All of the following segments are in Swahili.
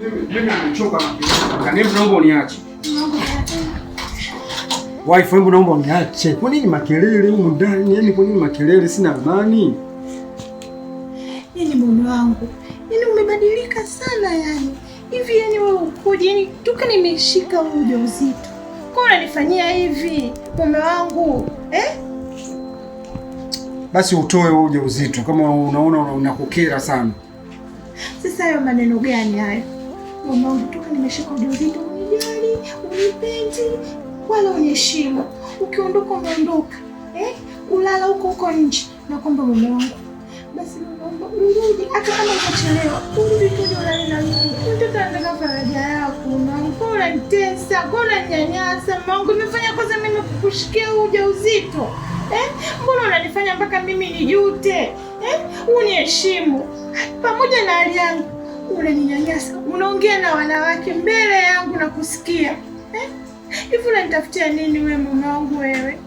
Mimi nimechoka na Wife wangu naomba uniache. Kwa nini makelele huko ndani? Yaani kwa nini makelele? Sina amani. Yaani mume wangu, yaani umebadilika sana yani. Hivi yani wewe ukoje? Yaani toka nimeshika huu ujauzito. Kwa unanifanyia hivi mume wangu? Eh? Basi utoe huu ujauzito kama unaona unakukera sana. Sasa hayo maneno gani hayo? mama toka nimeshika ujauzito unijali, unipenzi wala uniheshimu. Ukiondoka umeondoka eh? Kulala huko huko nje. na kwamba mama wangu, basi mama, urudi, hata kama utachelewa, urudi tu ulale na mimi. Mtoto anataka faraja yako, na mwanangu. Unanitesa, unanyanyasa wangu. Nimefanya kwanza mimi kukushikia ujauzito eh? Mbona unanifanya mpaka mimi nijute eh? pa Unaninyanyasa, unaongea na wanawake mbele yangu na kusikia eh? hivi eh? Unanitafutia nini we mume wangu wewe?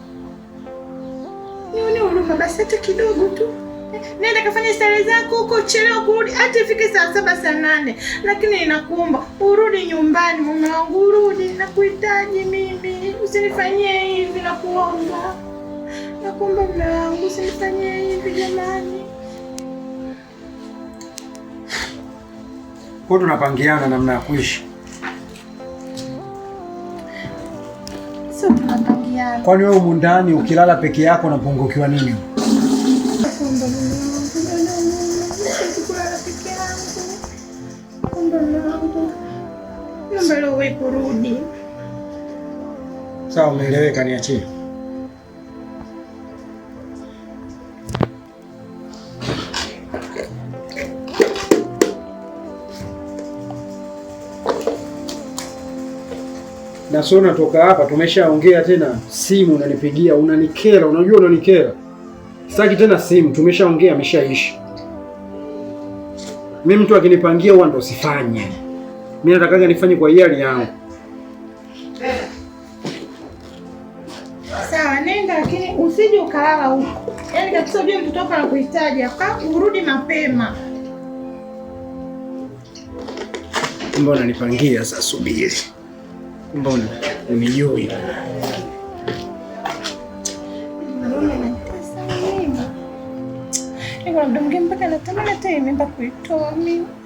Nione huruma basi hata kidogo tu eh? Nenda kafanya starehe zako huko, chelewa kurudi hata ifike saa saba saa nane, lakini ninakuomba urudi nyumbani mume wangu, urudi, nakuhitaji mimi. Usinifanyie hivi, nakuomba, nakuomba mume wangu, usinifanyie hivi jamani. Kwa tunapangiana namna ya kuishi. Sio tunapangiana. Kwani wewe humu ndani ukilala peke yako unapungukiwa nini? Sawa, umeeleweka, niachie. na sio natoka hapa, tumeshaongea tena. Simu unanipigia unanikera, unajua unanikera. Sitaki tena simu, tumeshaongea, ameshaishi. Mimi mtu akinipangia huwa ndo sifanye, Mimi natakaga nifanye kwa hiari yangu. Sawa, nenda, lakini usije ukalala huko, yaani kabisa. Ujue mtoto wako anakuhitaji hapa, urudi mapema. Mbona nipangia sasa, subiri Mbona nimejui mpaka natamani hata mimba kuitoa mimi.